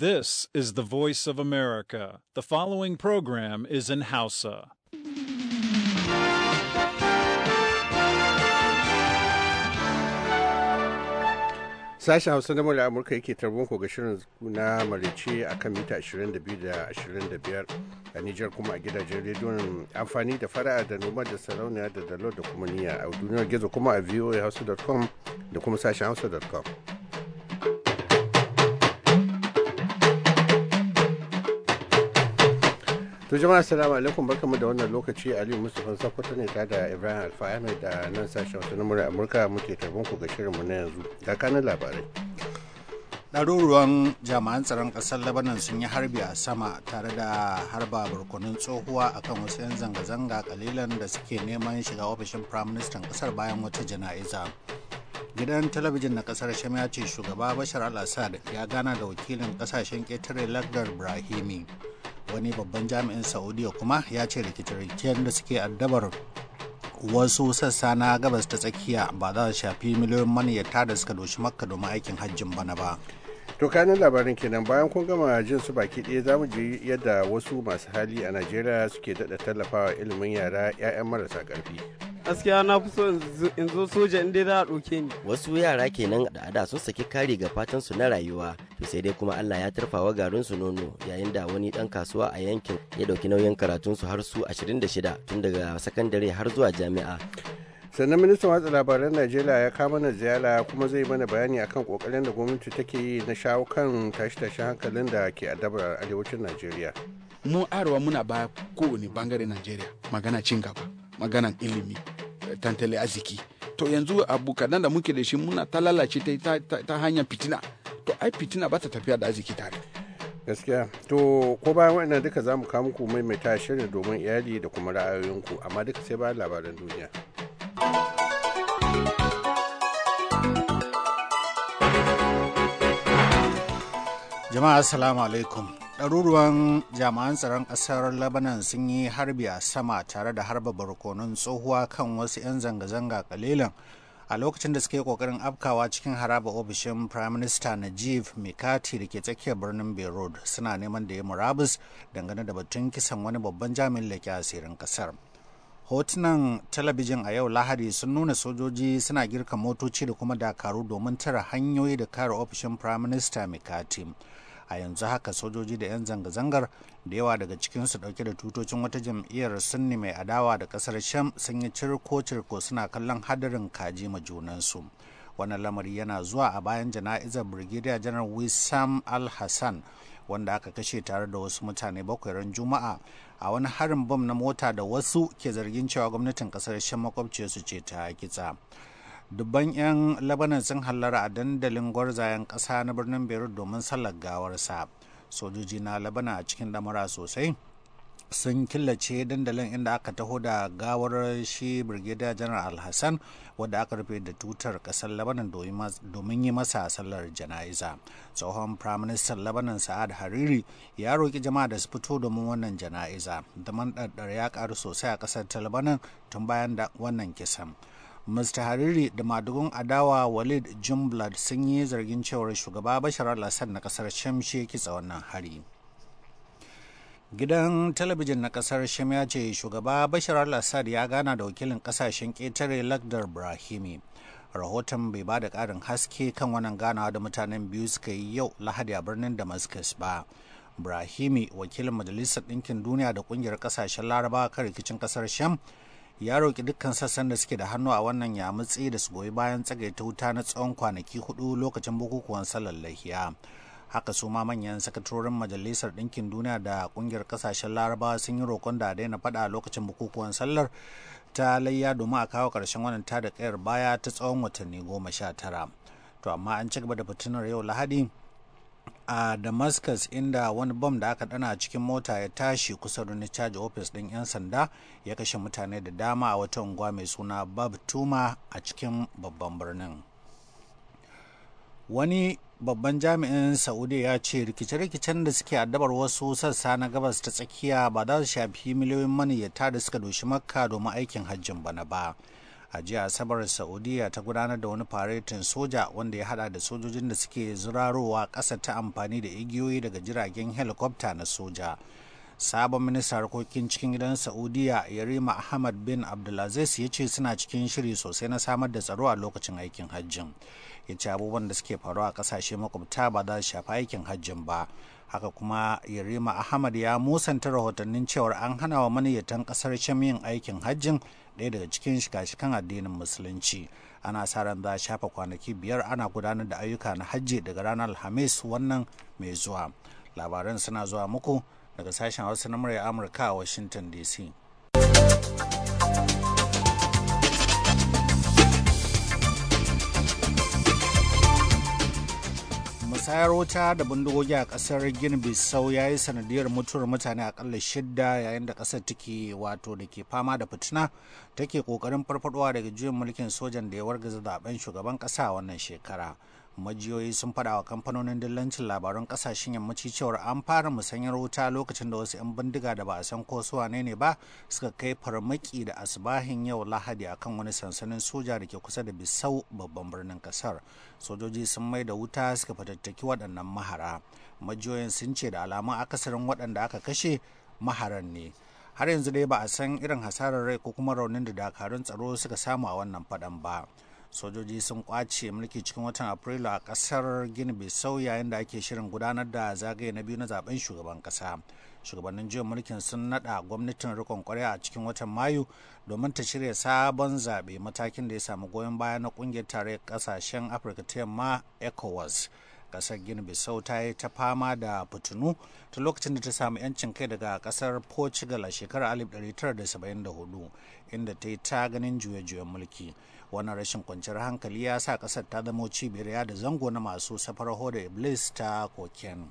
This is the voice of America. The following program is in Hausa. Sashen Hausa na Murya Amurka yake tarbon ga shirin na marice a kan mita 22 da 25 a Nijar kuma a gidajen rediyon amfani da fara'a da noma da sarauniya da dalo da kuma niyya a duniyar gizo kuma a voahausa.com da kuma sashen hausa.com. to jama'a assalamu alaikum barkamu da wannan lokaci aliyu mustapha sakwato ne ta da ibrahim alfahame da nan sashen wasu namurai amurka muke tarbin ku ga shirinmu na yanzu ga kanin labarai ɗaruruwan jami'an tsaron ƙasar labanan sun yi harbi a sama tare da harba barkonun tsohuwa akan wasu 'yan zanga-zanga kalilan da suke neman shiga ofishin firaministan ƙasar bayan wata jana'iza gidan talabijin na ƙasar sham ya ce shugaba bashar al-assad ya gana da wakilin ƙasashen ƙetare lagdar brahimi wani babban jami'in saudiya kuma ya ce rikice-rikicen da suke addabar wasu sassa na gabas ta tsakiya ba za su shafi miliyoyin maniyarta da suka doshi makka domin aikin hajjin bana ba to kanin labarin kenan bayan kun gama jin su baki ɗaya za mu ji yadda wasu masu hali a najeriya suke daɗa tallafa wa ilimin yara 'ya'yan marasa ƙarfi gaskiya na fi in zo soja in dai za a ɗauke ni wasu yara kenan da ada sun saki kari ga fatan su na rayuwa to sai dai kuma Allah ya tarfawa garin su nono yayin da wani dan kasuwa a yankin ya ɗauki nauyin karatun su har su 26 tun daga sakandare har zuwa jami'a sannan ministan watsa labaran najeriya ya kama na ziyara kuma zai mana bayani akan kokarin da gwamnati take yi na shawo kan tashi-tashi hankalin da ke adabar arewacin najeriya mu arewa muna baya kowane bangare najeriya magana cin gaba maganan ilimi tantale arziki to yanzu abu kadan da muke da shi muna ta lalace ta hanyar fitina to ai fitina ba ta tafiya da arziki tare gaskiya to ko bayan waɗannan duka za mu kawo muku maimaita shirin domin iyali da kuma ra'ayoyinku amma duka sai bayan labaran duniya jama'a assalamu alaikum ɗaruruwan jami'an tsaron ƙasar labanan sun yi harbi a sama tare da harba barkonon tsohuwa kan wasu 'yan zanga-zanga kalilan a lokacin da suke ƙoƙarin afkawa cikin haraba ofishin prime minister najib mikati da ke tsakiyar birnin beirut suna neman da ya murabus dangane da batun kisan wani babban jami'in da ke asirin ƙasar hotunan talabijin a yau lahadi sun nuna sojoji suna girka motoci da kuma dakaru domin tara hanyoyi da kare ofishin prime minister mikati a yanzu haka sojoji da 'yan zanga-zangar da yawa daga cikinsu dauke da tutocin wata jam'iyyar sunni mai adawa da kasar sham sun yi cirko-cirko suna kallon hadarin kaji ma junansu wannan lamari yana zuwa a bayan jana'izar brigadier janar wissam al-hassan wanda aka kashe tare da wasu mutane bakwai ran juma'a a wani harin bom na mota da wasu ke zargin cewa gwamnatin kasar sham makwabciyarsu ce ta kitsa dubban 'yan labanan sun hallara a dandalin gwarzayen ƙasa na birnin beirut domin sallar gawarsa sojoji na labana a cikin damara sosai sun killace dandalin inda aka taho da gawar shi janar janar alhassan wadda aka rufe da tutar kasar labanan domin yi masa sallar jana'iza tsohon firaministan labanan sa'ad hariri ya roƙi jama'a da su fito domin wannan jana'iza da man ya ƙaru sosai a ƙasar ta labanan tun bayan da wannan kisan mr hariri da madugun adawa walid jumblad sun yi zargin cewar shugaba bashar al-assad na kasar sham shi yake hari gidan talabijin na kasar sham ya ce shugaba bashar al-assad ya gana da wakilin kasashen ƙetare lakdar brahimi rahoton bai ba da ƙarin haske kan wannan ganawa da mutanen biyu suka yi yau lahadi a birnin damascus ba brahimi wakilin majalisar ɗinkin duniya da ƙungiyar ƙasashen larabawa kan rikicin ƙasar sham ya roƙi dukkan sassan da suke da hannu a wannan yamutse da su goyi bayan tsagaita wuta na tsawon kwanaki hudu lokacin bukukuwan sallar lahiya haka su ma manyan sakatorin majalisar ɗinkin duniya da ƙungiyar ƙasashen larabawa sun yi roƙon da daina faɗa lokacin bukukuwan sallar ta layya domin a kawo ƙarshen wannan tada kayar baya ta tsawon watanni goma sha tara to amma an ci gaba da fitinar yau lahadi a damascus inda wani bom da aka dana a cikin mota ya tashi kusa da caji ofis din 'yan sanda ya kashe mutane da dama a wata unguwa mai suna bab tuma a cikin babban birnin wani babban jami'in saudi ya ce rikice-rikicen da suke addabar wasu sassa na gabas ta tsakiya ba za su shafi miliyoyin maniyyata da suka doshi makka domin aikin hajjin bana ba. a jiya asabar saudiya ta gudanar da wani faretin soja wanda ya hada da sojojin da suke zurarowa ƙasa ta amfani da igiyoyi daga jiragen helikwabta na soja sabon minista harkokin cikin gidan saudiya yarima ahmad bin abdulaziz ya ce suna cikin shiri sosai na samar da tsaro a lokacin aikin hajjin ya ce abubuwan da suke faruwa a kasashe makwabta ba za su shafi aikin hajjin ba haka kuma yarima ahmad ya musanta rahotannin cewar an hana wa maniyyatan kasar shan yin aikin hajjin ɗaya daga cikin shika-shikan addinin musulunci ana sa ran za a shafa kwanaki biyar ana gudanar da ayyuka na hajji daga ranar alhamis wannan mai zuwa labaran suna zuwa muku daga sashen hausa na murya amurka a washington dc tsayar wuta da bindigogi a kasar gini bisau ya yi sanadiyar mutuwar mutane akalla shidda yayin da kasar take wato da ke fama da fitina take kokarin farfadowa daga juyin mulkin sojan da ya wargaza zaɓen shugaban kasa wannan shekara majiyoyi sun faɗa wa kamfanonin dillancin labaran kasashen yammaci cewar an fara musanyar wuta lokacin da wasu 'yan bindiga da ba a san ko su wane ne ba suka kai farmaki da asibahin yau lahadi akan wani sansanin soja da ke kusa da bisau babban birnin kasar sojoji sun mai da wuta suka fatattaki waɗannan mahara majiyoyin sun ce da alamun akasarin waɗanda aka kashe maharan ne har yanzu dai ba a san irin hasarar rai ko kuma raunin da dakarun tsaro suka samu a wannan faɗan ba sojoji sun kwace mulki cikin watan afrilu a kasar gini yayin da ake shirin gudanar da zagaye na biyu na zaben shugaban kasa shugabannin jiya mulkin sun nada gwamnatin rikon kwarya a cikin watan mayu domin ta shirya sabon zaɓe matakin da ya samu goyon baya na kungiyar tare kasashen afirka ta yamma ecowas kasar gini sau ta yi ta fama da fitinu ta lokacin da ta samu yancin kai daga kasar portugal a shekarar 1974 inda ta yi ta ganin juye-juyen mulki wannan rashin kwanciyar hankali ya sa kasar ta zama cibiyar yada zango na masu safarar hoda iblis ta koken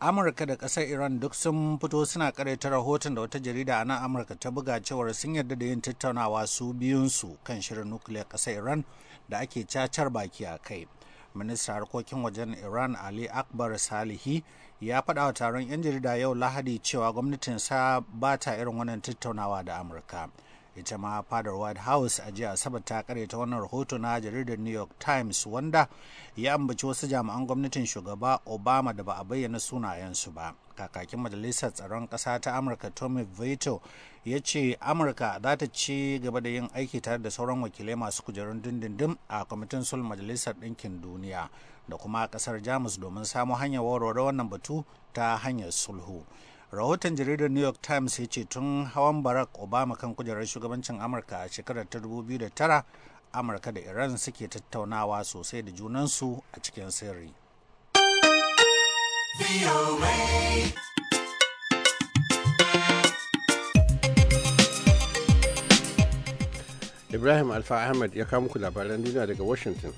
amurka da kasar iran duk sun fito suna karaita rahoton da wata jarida a nan amurka ta buga cewar sun yarda da yin tattaunawa su biyunsu kan shirin nukiliyar kasar iran da ake cacar baki a kai ministan harkokin wajen iran ali akbar salihi ya faɗa wa taron 'yan jarida yau lahadi cewa gwamnatinsa ba ta irin wannan tattaunawa da amurka ita ma fadar white house a jiya asabar ta karyata wannan rahoto na jaridar new york times wanda ya ambaci wasu jami'an gwamnatin shugaba obama da ba a bayyana sunayensu ba kakakin majalisar tsaron kasa ta amurka tommy vito ya ce amurka za ta ci gaba da yin aiki tare da sauran wakilai masu kujerun dindindim a kwamitin sul majalisar ɗinkin duniya da kuma kasar jamus domin samo hanyar warware wannan batu ta hanyar sulhu rahoton jaridar new york times ya ce tun hawan barack obama kan kujerar shugabancin amurka a shekarar ta 2009 amurka da iran suke tattaunawa sosai da junansu a cikin sirri ibrahim alfa ahmed ya kawo muku labaran duniya daga washington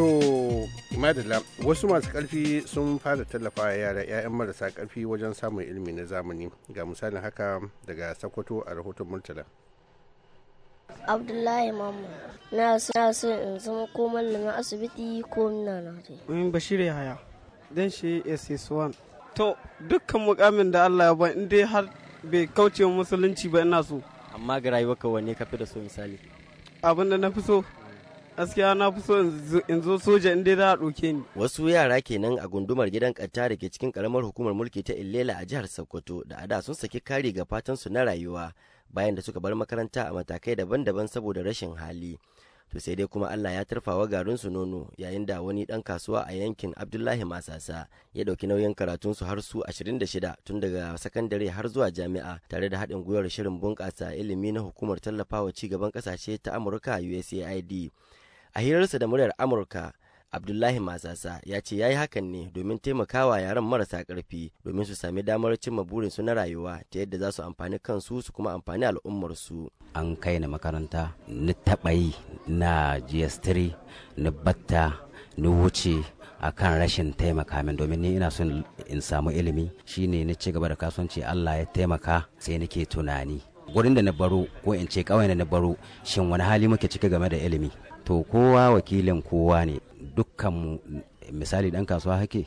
To, madalla wasu masu ƙarfi sun fara tallafa yara 'ya'yan marasa ƙarfi wajen samun ilimi na zamani ga misalin haka daga sakwato a rahoton Murtala. Abdullahi Mamma na su in zama ko mallamin asibiti ko na na ce In Bashir Yahaya, dan shi SS1. To, dukkan mukamin da Allah ya bai in dai har bai kauce musulunci ba ina so. Amma ga rayuwarka wanne ka fi da so misali? Abin da na fi so gaskiya na fi so in zo soja in dai za a ɗauke ni. Wasu yara kenan a gundumar gidan ƙatta da ke cikin ƙaramar hukumar mulki ta Illela a jihar Sokoto da a da sun saki kari ga fatan su na rayuwa bayan da suka bar makaranta a matakai daban-daban saboda rashin hali. To sai dai kuma Allah ya tarfawa garin su nono yayin da wani ɗan kasuwa a yankin Abdullahi Masasa ya ɗauki nauyin karatun su har su 26 tun daga sakandare har zuwa jami'a tare da haɗin gwiwar shirin bunƙasa ilimi na hukumar tallafawa ci gaban ƙasashe ta Amurka USAID. a hirarsa da muryar amurka abdullahi masasa ya ce ya yi hakan ne domin taimakawa yaran marasa karfi domin su sami damar cimma burinsu na rayuwa ta yadda za su amfani kansu su kuma amfani al'ummarsu an kai na makaranta ni taɓa yi na gs3 ni batta ni wuce a kan rashin taimaka min domin ni ina son in samu ilimi shine ni ci gaba da kasuwanci allah ya taimaka sai nake tunani gurin da na baro ko in ce kawai da na baro shin wani hali muke cike game da ilimi to kowa wakilin kowa ne dukkanmu misali ɗan kasuwa hake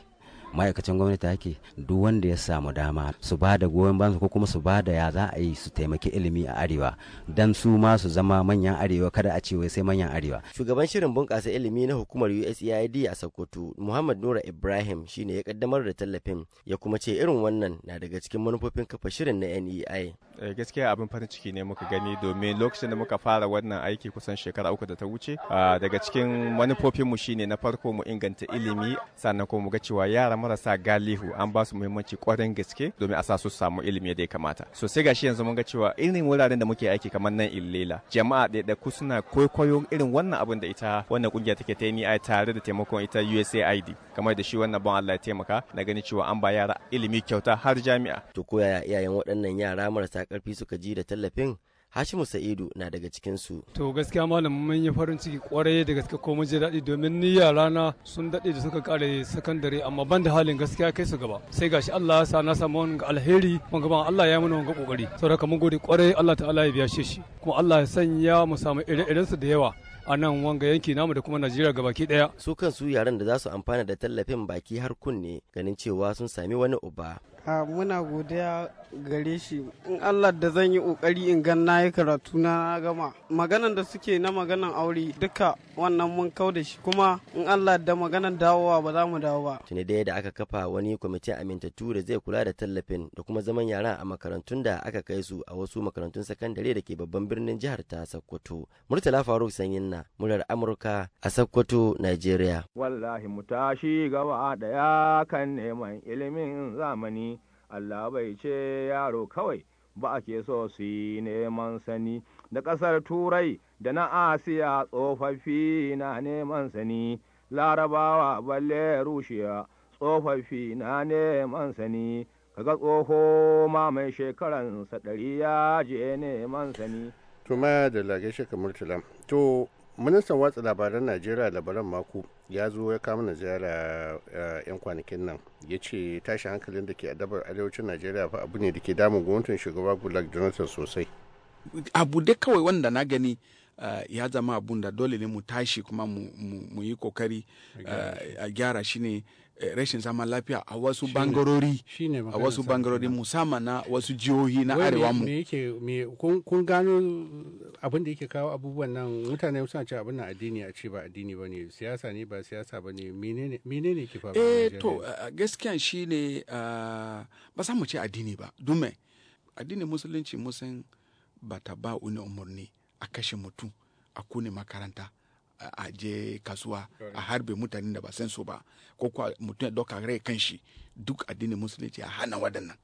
ma'aikacin gwamnati ake duk wanda ya samu dama su ba da goyon bayan ko kuma su ba da ya za a yi su taimaki ilimi a arewa dan su ma su zama manyan arewa kada a ce wai sai manyan arewa shugaban shirin bunƙasa ilimi na hukumar USAID a Sokoto Muhammad Nura Ibrahim shine ya kaddamar da tallafin ya kuma ce irin wannan na daga cikin manufofin kafa shirin na NEI eh, gaskiya abin farin ciki ne muka gani domin lokacin da muka fara wannan aiki kusan shekara uku da ta wuce ah, daga cikin manufofinmu shine na farko mu inganta ilimi sannan kuma mu ga cewa yara marasa galihu an ba su muhimmanci kwarin gaske domin a sa su samu ilimi da ya kamata so sai gashi yanzu mun ga cewa irin wuraren da muke aiki kamar nan illela jama'a ku suna kwaikwayo irin wannan abin da ita wannan kungiya take ta yi tare da taimakon ita USAID kamar da shi wannan ban Allah ya taimaka na gani cewa an ba yara ilimi kyauta har jami'a to koyaya iyayen waɗannan yara marasa ƙarfi suka ji da tallafin Hashimu Sa'idu na daga cikin su. To gaskiya malam mun yi farin ciki kwarai da gaske ko mun daɗi domin ni na sun daɗe da suka kare sakandare amma ban da halin gaskiya kai su gaba. Sai gashi Allah ya sa na samu wani alheri mun gaba Allah ya mana wani kokari. Saboda mun gode kwarai Allah ta'ala ya biya shi kuma Allah ya sanya mu samu ire-iren su da yawa. a nan wanga yanki namu da kuma Najeriya gabaki daya. Su kansu yaran da za su amfana da tallafin baki har kunne ganin cewa sun sami wani uba. muna godiya gare shi in allah da zan yi kokari in gan na yi karatu na gama maganan da suke na maganan aure duka wannan mun kau da shi kuma in allah da maganan dawowa ba za mu dawo ba tuni daya da aka kafa wani kwamiti amintattu da zai kula da tallafin da kuma zaman yara a makarantun da aka kai su a wasu makarantun sakandare da ke babban birnin jihar ta sokoto murtala faruk sanyin na murar amurka a sokoto nigeria wallahi mu tashi gaba daya kan neman ilimin zamani Allah bai ce yaro kawai ba a ke so su yi neman sani da ƙasar turai da na asiya tsofaffi na neman sani larabawa balle rushiya tsofaffi na neman sani kaga tsoho ma mai sa ɗari ya je neman sani. Tuma da lagashe kamar tulam. To ministan watsa labaran najeriya labaran mako ya zo ya kama na ziyara eh, yan kwanakin nan ya ce tashi hankalin da ke adabar arewacin najeriya fa abu ne da ke damun gwamnatin shugaba gulag jonathan sosai abu dai kawai wanda na gani eh, ya zama abun da dole ne mu tashi kuma mu yi kokari a gyara shine. Eh, Eh, rashin zaman lafiya a wasu bangarori a wasu bangarori musamman na wasu jihohi na arewa mu kun gano abin da yake kawo abubuwan nan mutane suna ce abin nan addini a ce ba addini ba ne siyasa ne ba siyasa ba ne menene ne ke faruwa eh to eh, eh, gaskiya shine ah, ba za mu ce addini ba dume addinin musulunci musan ba ta ba wani umarni a kashe mutum a kone makaranta a je kasuwa a harbe mutanen da ba san su ba ko kuwa mutum ya ɗauka rai kan shi duk addinin musulunci a hana waɗannan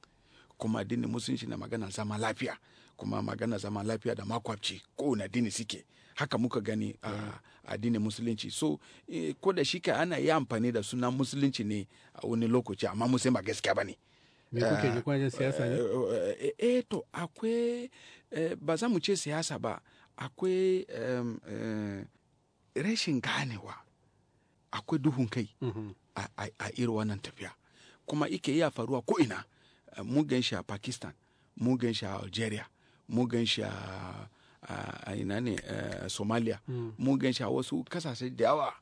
kuma addinin musulunci na magana zama lafiya kuma magana zama lafiya da makwabci na addini suke haka muka gani a addinin musulunci so eh, ko da shi ka ana yi amfani da sunan musulunci ne a wani lokaci amma sai ba gaskiya ba ne eh, siyasa ne? eh, eh to akwai ba za mu ce siyasa ba akwai rashin ganewa akwai duhun kai mhm. a irin wannan tafiya kuma ike iya faruwa ko'ina mun shi a pakistan mun shi a algeria mun shi a ina ne eh, somalia mm. mun shi a wasu kasashe da yawa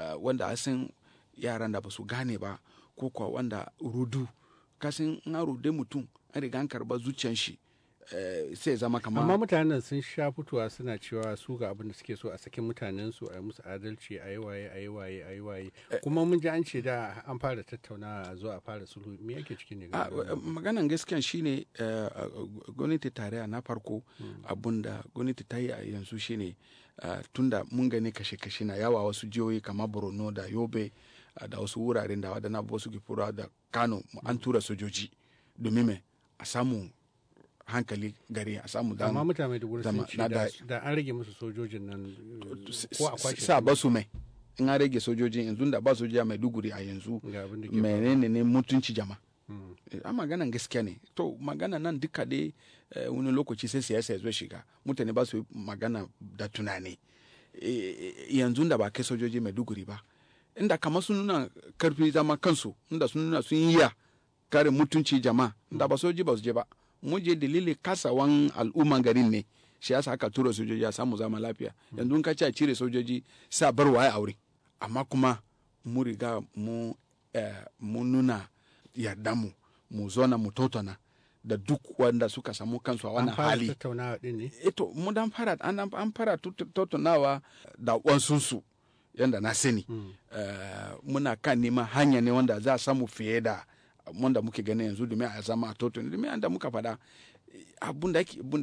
eh, wanda a yaran da ba su gane ba ko kuwa wanda rudu kasin na rude mutum an riga an karba zuciyan shi Eh, sai zama kamar amma mutanen sun sha fitowa suna cewa su ga abin da suke so a sakin mutanen su a yi musu adalci a yi waye a yi waye a yi waye eh, eh. kuma mun ji an ce da an fara tattaunawa a fara sulhu me yake cikin ne ah, maganan gaskiya shine gwamnati tarayya na farko hmm. abun da gwamnati ta yi a yanzu shine tunda mun gani kashe-kashe na yawa wasu jihohi kamar borno da yobe da wasu wuraren da wadana abubuwa suke da kano an tura sojoji domin a samu hankali gari a samu dama amma mutane da gurin sun ce da an rage musu sojojin nan ko a sa ba su mai in an rage sojojin yanzu da ba sojoji mai duguri a yanzu menene ne mutunci jama hmm. eh, a maganan gaskiya ne to magana nan duka dai eh, wani lokaci sai siyasa ya zo shiga mutane ba su magana da tunani eh, yanzu da ba kai sojoji mai duguri ba inda kamar sun nuna karfi zama kansu inda sun nuna sun yi ya kare mutunci jama'a inda ba hmm. sojoji ba su je ba muje dalilin kasawan al'umman garin ne shi yasa aka tura sojoji a samu zama lafiya yanzu in ka ce a cire sojoji sa bar waye aure amma kuma mu riga mu eh, mu nuna yarda mu mu zona mu totona da duk wanda suka samu kansu a wannan hali eto eh mu dan fara an fara da wansunsu yanda na sani mm. eh, muna kan neman hanya ne wanda za a samu fiye da wanda muke gani yanzu domin a zama a toto domin an da muka fada abun da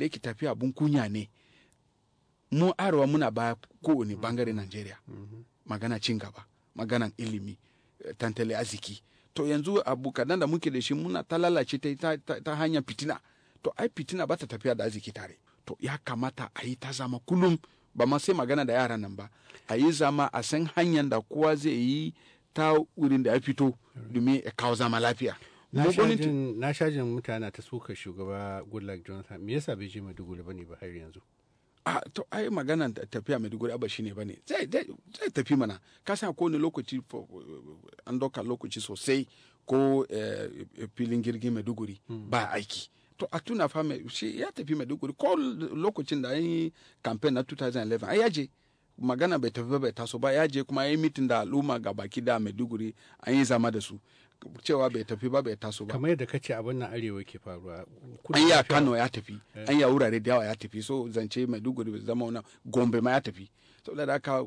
yake tafiya abun kunya ne mu arewa muna baya kowane mm-hmm. bangare nigeria mm-hmm. magana cin gaba magana ilimi eh, tantali arziki to yanzu abu kadan da muke da shi muna ta lalace ta, ta, ta hanyar fitina to ai fitina ba ta tafiya da arziki tare to ya kamata a yi ta zama kullum ba ma sai magana da yaran nan ba a yi zama a san hanyar da kowa zai yi ta wurin da ya fito domin ya kawo zama lafiya. Na shajin mutane ta suka shugaba Goodluck Jonathan me yasa bai je Maiduguri bane ba har yanzu? Ah, to ai magana tafiya Maiduguri ba ne bane zai zai tafi mana ka san ko ne lokaci an doka lokaci sosai ko eh, filin girgin Maiduguri hmm. ba aiki. to a tuna fa shi ya tafi maiduguri ko lokacin da an yi campaign na 2011 ai yaje magana bai tafi bai taso ba ya je kuma ya yi mitin da al'umma ga baki da maiduguri an yi zama da su cewa bai tafi ba bai taso ba kamar yadda kace abin nan arewa ke faruwa an ya kano ya tafi eh. an ya wurare da yawa ya tafi so zance maiduguri bai zama wannan gombe ma ya tafi saboda haka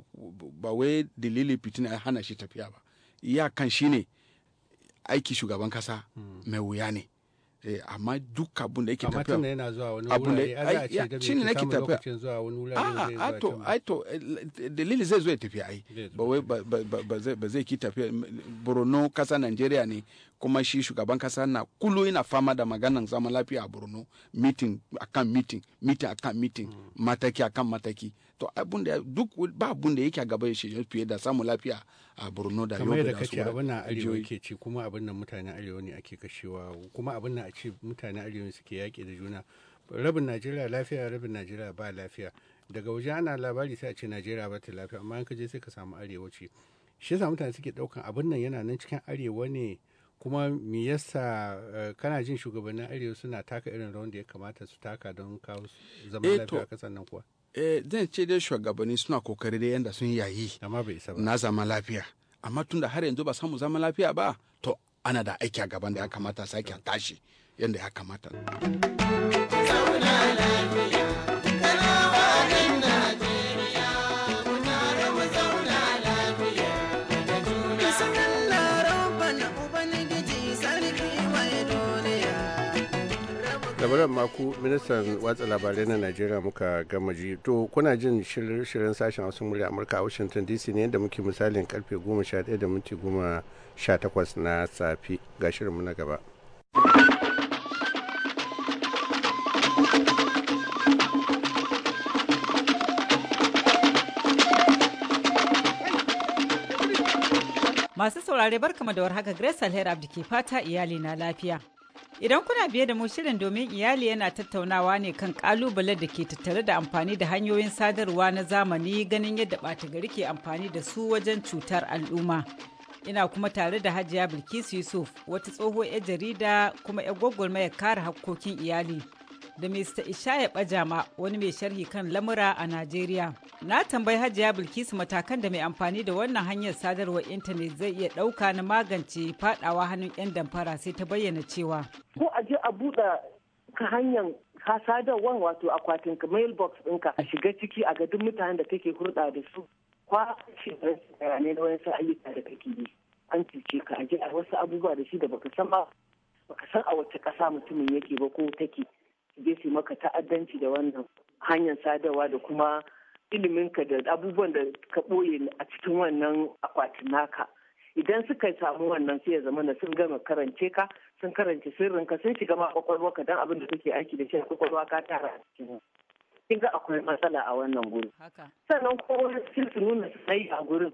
ba wai dalili fitina ya hana shi tafiya ba iya shine aiki shugaban kasa hmm. mai wuya ne Eh, amma duk abun da yake tafiya amma yana zuwa wani wurare a ce da shi ne nake zuwa wani wurare a to ai to eh, dalili zai zo ya tafiya ai ba zai ki tafiya Borno kasa nigeria ne kuma shi shugaban kasa na kulo yana fama da maganan zaman lafiya a borno meeting akan meeting meeting akan meeting mm. mataki akan mataki to abun da duk ba abun da yake a gaba shi fiye da samun lafiya a borno da yau da kake abin nan arewa ke ci kuma abin nan mutanen arewa ne ake kashewa kuma abin nan a ce mutanen arewa suke yaƙi da juna rabin najeriya lafiya rabin najeriya ba lafiya daga waje ana labari sai a ce najeriya ba ta lafiya amma in ka je sai ka samu arewa ce shi yasa mutane suke daukan abin nan yana nan cikin arewa ne kuma me yasa eh, kana jin shugabannin arewa suna taka irin rawan da ya kamata su taka don kawo zaman eh, lafiya kasan nan kuwa eh zan ce dai shugabanni suna kokari da yanda sun yayi amma bai isa ba na zama lafiya amma tunda har yanzu ba samu zaman lafiya ba to ana da aiki a gaban da ya kamata sake tashi yanda ya kamata labaran maku ministan watsa labarai na najeriya muka gama ji to kuna jin shirin sashen wasu murya amurka a washington dc ne yadda muke misalin karfe 11 da minti 18 na safi ga shirinmu na gaba Masu saurare barkama da warhaka Grace Alher Abdi ke fata iyali na lafiya. Idan kuna biye da mu shirin domin iyali yana tattaunawa ne kan kalubalen da ke tattare da amfani da hanyoyin sadarwa na zamani ganin yadda ɓata gari ke amfani da su wajen cutar al'umma. Ina kuma tare da Hajiya Bilkisu Yusuf, wata tsohuwar 'yar jarida kuma 'yar gwagwarmayar kare hakkokin iyali. da Mr. Ishaya Bajama wani mai sharhi kan lamura a Najeriya. Na tambayi Hajiya Bilkisu matakan da mai amfani da wannan hanyar sadarwar intanet zai iya ɗauka na magance fadawa hannun 'yan damfara sai ta bayyana cewa. Ko a je a buɗe ka hanyar ka sadarwar wato akwatin ka mailbox ɗinka a shiga ciki a gadin mutanen da kake hurɗa da su kwashe bayanai na wasu ayyuka da kake yi an cuce ka a je a wasu abubuwa da shi da baka san ba baka san a wacce ƙasa mutumin yake ba ko take je su maka ta'addanci da wannan hanyar sadarwa da kuma iliminka da abubuwan da ka ɓoye a cikin wannan akwatin naka idan suka samu wannan sai ya zama na sun gama karance ka sun karance ka sun shiga ma ka dan abin da kake aiki da shi a kwakwalwa ka tara a cikin kin ga akwai matsala a wannan gurin sannan kowa sun su nuna su a gurin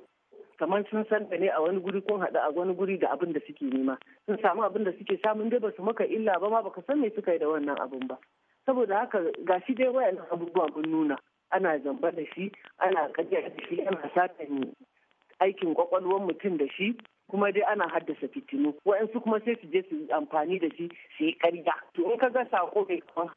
kamar sun san da ne a wani guri kun haɗu a wani guri da abin da suke nema sun samu abin da suke samu dai su maka illa ba ma baka san me suka yi da wannan abun ba saboda haka gashi dai wayannan abubuwa mun nuna ana zamba da shi ana kajiya da shi ana sata aikin kwakwalwar mutum da shi kuma dai ana haddasa fitinu wa'ansu kuma sai su je su amfani da shi su yi ƙarya to in ka ga sako bai kuma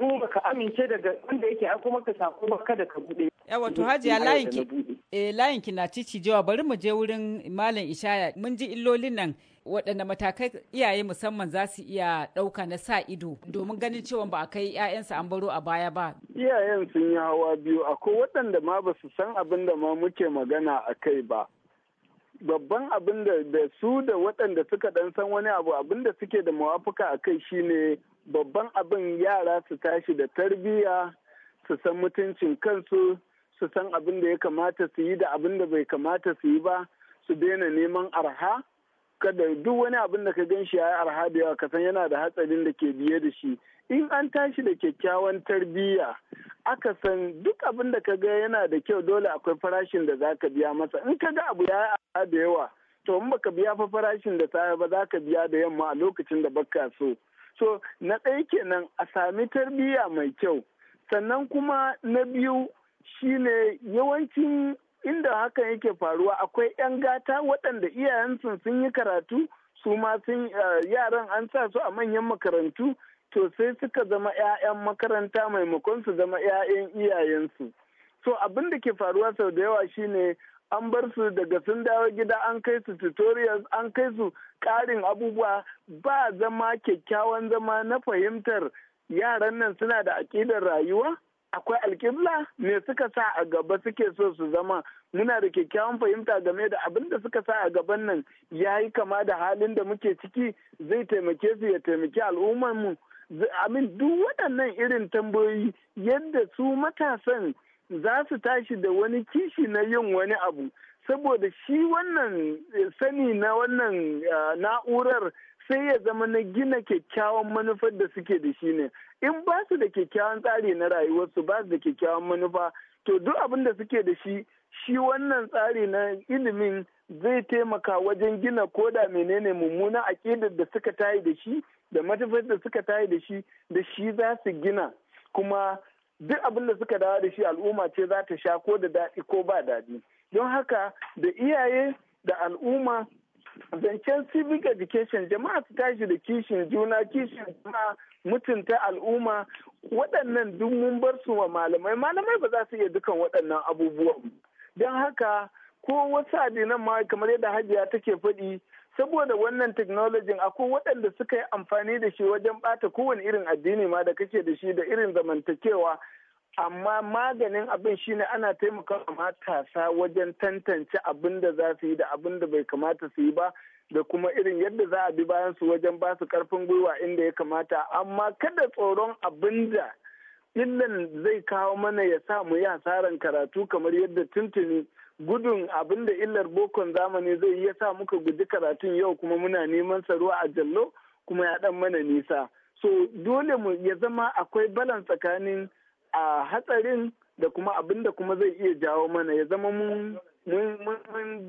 in ka amince daga wanda yake kuma maka sako ba kada ka bude Yawa to hajiya layin ki eh layin ki na bari mu je wurin malam Ishaya mun ji illolin nan waɗanne matakai iyaye musamman za su iya ɗauka na sa ido domin ganin cewa ba a kai 'ya'yansa an baro a baya ba. Iyayen sun yi hawa biyu akwai waɗanda ma ba su san abin da ma muke magana a kai ba. Babban abin da su da waɗanda suka ɗan san wani abu abin da suke da mawafuka a kai shi ne babban abin yara su tashi da tarbiyya su san mutuncin kansu su san abin da ya kamata su yi da abin da bai kamata su yi ba su daina neman arha kada duk wani abin da ka gan shi ya arha da yawa kasan yana da hatsarin da ke biye da shi in an tashi da kyakkyawan tarbiyya aka san duk abin da ka ga yana da kyau dole akwai farashin da za ka biya masa in ka ga abu ya yi arha da yawa to in baka biya fa farashin da safe ba za ka biya da yamma a lokacin da baka so so na ɗaya kenan a sami tarbiyya mai kyau sannan kuma na biyu shine yawancin inda hakan yake faruwa akwai 'yan gata waɗanda iyayensu sun yi karatu su ma sun eh, yaran an sa su a manyan makarantu to sai suka zama 'ya'yan makaranta maimakon su zama 'ya'yan iyayensu so abin da ke faruwa sau da yawa shine an bar su daga sun dawo gida an kai su tutorials an kai su ƙarin abubuwa ba zama kyakkyawan zama na fahimtar yaran nan suna da aƙidar rayuwa akwai alƙibla me suka sa a gaba suke so su zama muna da kyakkyawan fahimta game da abin da suka sa a gaban nan ya yi kama da halin da muke ciki zai taimake su ya taimaki al'ummarmu amin duk waɗannan irin tambayoyi yadda su matasan za su tashi da wani kishi na yin wani abu saboda shi wannan eh, sani na wannan eh, na'urar sai ya zama na gina kyakkyawan manufar da suke da shi ne in ba su da kyakkyawan tsari na rayuwarsu ba su da kyakkyawan manufa to duk abin da suke da shi shi wannan tsari na ilimin zai taimaka wajen gina koda menene mummunan aƙidar da suka tayi da shi da matafar da suka tayi da shi da shi za su gina kuma duk abin da suka dawo da shi al'umma ce za ta sha ko da daɗi ko ba daɗi don haka da iyaye da al'umma zancen civic education jama'a su tashi da kishin juna kishin juna mutunta al'umma waɗannan duk mun bar su wa malamai malamai ba za su iya dukan waɗannan abubuwan don haka ko wasu addinan ma kamar yadda hajiya take faɗi saboda wannan technology akwai waɗanda suka yi amfani da shi wajen ɓata kowane irin addini ma da kake da shi da irin zamantakewa amma maganin abin shine ana taimaka matasa wajen tantance abin da za su yi da abin da bai kamata su yi ba da kuma irin yadda za a bi bayan su wajen ba su karfin gwiwa inda ya kamata amma kada tsoron abin da illan zai kawo mana ya sa mu yi hasaran karatu kamar yadda tuntuni gudun abin da illar bokon zamani zai iya sa muka guji karatun yau kuma muna neman saruwa a jallo kuma ya dan mana nisa so dole mu ya zama akwai balan tsakanin a hatsarin da kuma abin da kuma zai iya jawo mana ya zama mun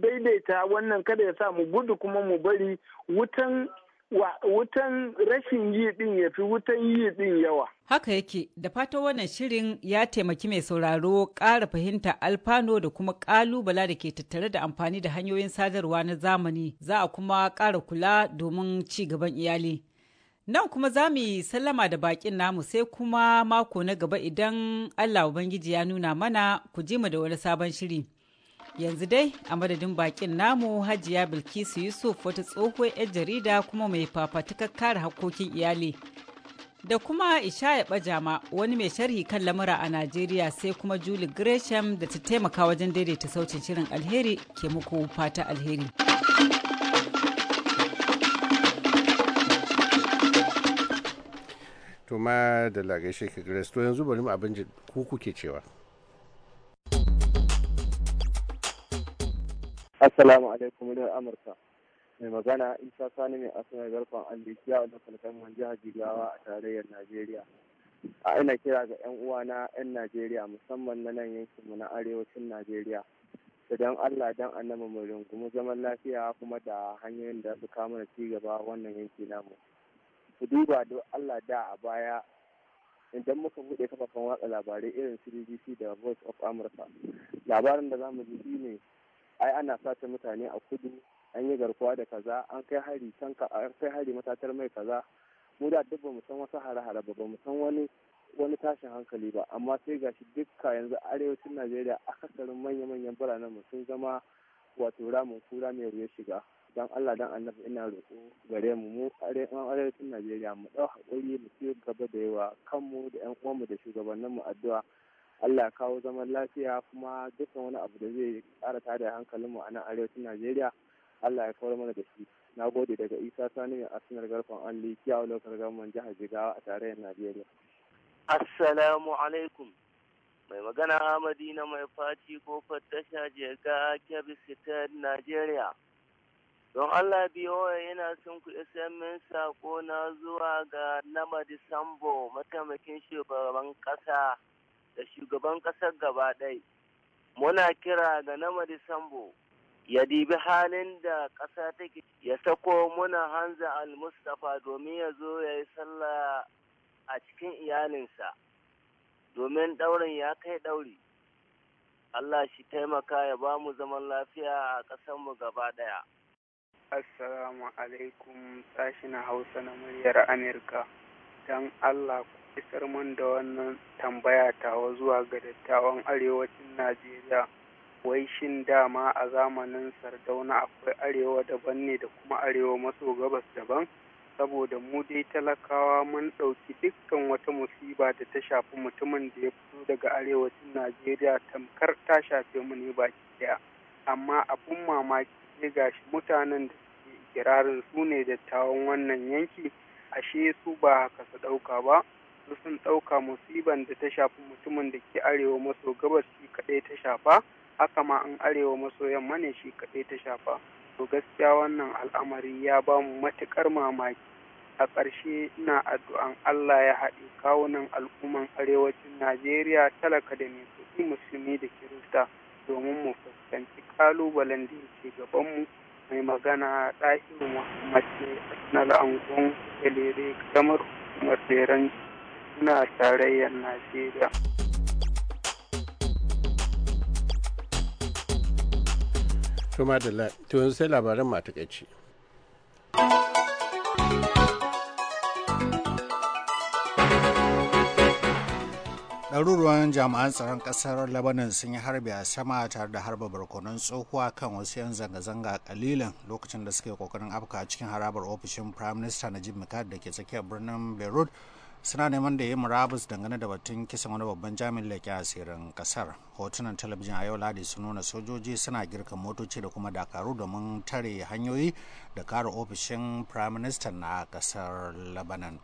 daidaita wannan kada ya sa mu gudu kuma mu bari wutan wutan rashin yi din ya fi wutan yi din yawa. Haka yake da fatan wannan shirin ya taimaki mai sauraro ƙara fahimta alfano da kuma ƙalubala da ke tattare da amfani da hanyoyin sadarwa na zamani za a kuma ƙara kula domin ci gaban iyali. Nan kuma za mu yi sallama da bakin namu sai kuma mako na gaba idan Allah Ubangiji ya nuna mana ku ji mu da wani sabon shiri. Yanzu dai a madadin bakin namu Hajiya Bilkisu Yusuf wata tsohuwar 'yar jarida kuma mai fafatukar kare hakokin iyali. Da kuma Ishaya Bajama wani mai sharhi kan lamura a Najeriya sai kuma Julie Gresham da ta taimaka wajen daidaita sautin shirin alheri ke muku fata alheri. to ma da lagashe ka grace to yanzu bari mu abin ku kuke cewa assalamu alaikum da amurka mai magana in isa sani mai sanar garfan alikiya a lokacin jihar jigawa a tarayyar najeriya a ina kira ga yan uwana yan najeriya musamman na nan yankinmu na arewacin najeriya da don allah don nama mu rungumi zaman lafiya kuma da hanyoyin da su kama da ci wannan yanki namu ku duba da Allah da a baya idan muka bude kafafen watsa labarai irin su BBC da Voice of America labarin da zamu ji shine ai ana sace mutane a kudu an yi garkuwa da kaza an kai hari can an kai hari matatar mai kaza mu da duk mu san wasu hare-hare ba mu san wani wani tashin hankali ba amma sai gashi dukka yanzu arewacin Najeriya akasarin manya-manyan biranen mu sun zama wato ramin kura mai ruwa shiga don Allah don annabi ina roƙo gare mu mu arewacin Najeriya mu ɗau haƙuri mu ci gaba da yawa kanmu da ƴan uwanmu da mu addu'a Allah ya kawo zaman lafiya kuma dukkan wani abu da zai ƙara tada hankalinmu a nan arewacin Najeriya Allah ya kawar mana da shi na gode daga Isa Sani mai asinar garfan Alli kiyawa lokar gaman jihar Jigawa a tarayyar Najeriya Assalamu alaikum mai magana Madina mai faci ko fatasha jega Kebbi Najeriya don Allah biyo yana son ku SMS sako na zuwa ga Namadi Disambo, mataimakin shugaban ƙasa da shugaban ƙasar gaba ɗai. Muna kira ga Namadi Disambo ya dibi halin da ƙasa take ya sako muna Hanza Al-Mustapha domin ya zo ya yi sallah a cikin iyalinsa domin ɗaurin ya kai ɗauri. Allah shi taimaka ya ba mu zaman lafiya a ƙasarmu gaba ɗaya. Assalamu alaikum sashen Hausa na muryar Amurka. Don Allah ku isar mun da wannan tambaya tawa zuwa ga dattawan arewacin Najeriya. Wai shin dama a zamanin Sardauna akwai arewa daban ne da kuma arewa maso gabas daban? Saboda mu dai talakawa mun ɗauki dukkan wata musiba da ta shafi mutumin da ya fito daga arewacin Najeriya tamkar ta shafe mu ne baki ɗaya. Amma abin mamaki ga shi mutanen da suke ikirarin su ne dattawan wannan yanki ashe su ba haka su ɗauka ba su sun ɗauka musiban da ta shafi mutumin da ke arewa maso gabas shi kaɗai ta shafa haka ma an arewa maso yamma ne shi kaɗai ta shafa to gaskiya wannan al'amari ya ba mu matuƙar mamaki a ƙarshe ina addu'an Allah ya haɗe kawunan al'umman arewacin Najeriya talaka da mai kuɗi musulmi da Kirista. domin mu fuskanci kalubalen da yake mu mai magana ɗahiru muhammad na angon elere kamar hukumar beran suna tarayyar najeriya to madalla to sai labaran matakaici ɗaruruwan jami'an tsaron ƙasar lebanon sun yi harbi a sama tare da harba barkonon tsohuwa kan wasu 'yan zanga-zanga kalilan lokacin da suke kokarin afka cikin harabar ofishin prime minister najib mikad da ke tsakiyar birnin beirut suna neman da ya murabus dangane da batun kisan wani babban jami'in a asirin ƙasar. hotunan talabijin a yau ladi sun nuna sojoji suna girka motoci da kuma dakaru domin tare hanyoyi da kare ofishin prime minister na ƙasar lebanon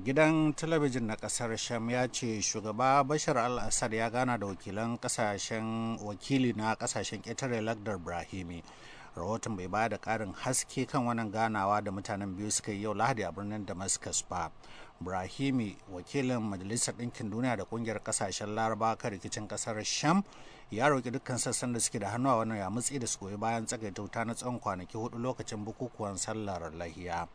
gidan talabijin na kasar sham ya ce shugaba bashar al-assad ya gana da wakilan kasashen wakili na kasashen ƙetare lagdar brahimi rahoton bai ba da ƙarin haske kan wannan ganawa da mutanen biyu suka yi yau lahadi a birnin damascus ba brahimi wakilin majalisar ɗinkin duniya da ƙungiyar kasashen laraba kan rikicin kasar sham ya roƙi dukkan sassan da suke da hannu a wannan ya mutsi da su goyi bayan tsagaita wuta na tsawon kwanaki hudu lokacin bukukuwan sallar lahiya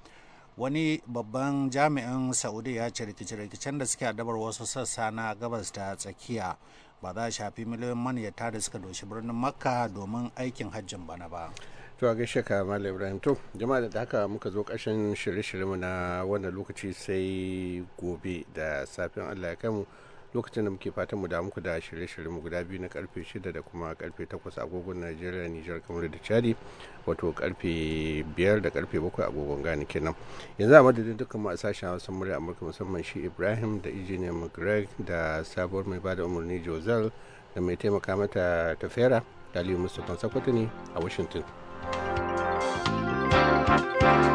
wani babban jami'in saudi ya ce rikice-rikicen da suke adabar wasu sassa na gabas da tsakiya ba za a shafi miliyoyin maniyata da suka doshi birnin makka domin aikin hajjin bana ba to a gaishe ka malam ibrahim to jama'a da haka muka zo ƙarshen shirye-shiryenmu na wannan lokaci sai gobe da safin allah ya kai mu lokacin da muke fatan mu da muku da shirye-shirye mu guda biyu na karfe 6 da kuma karfe 8 agogon Najeriya Niger kamar da Chadi wato karfe 5 da karfe 7 agogon Ghana kenan yanzu a madadin dukkan mu a sashen Hausa murya Amurka musamman shi Ibrahim da Engineer McGreg da sabuwar mai bada umarni Jozal da mai taimaka mata tafera Aliyu Mustapha Sakwatani a Washington. thank you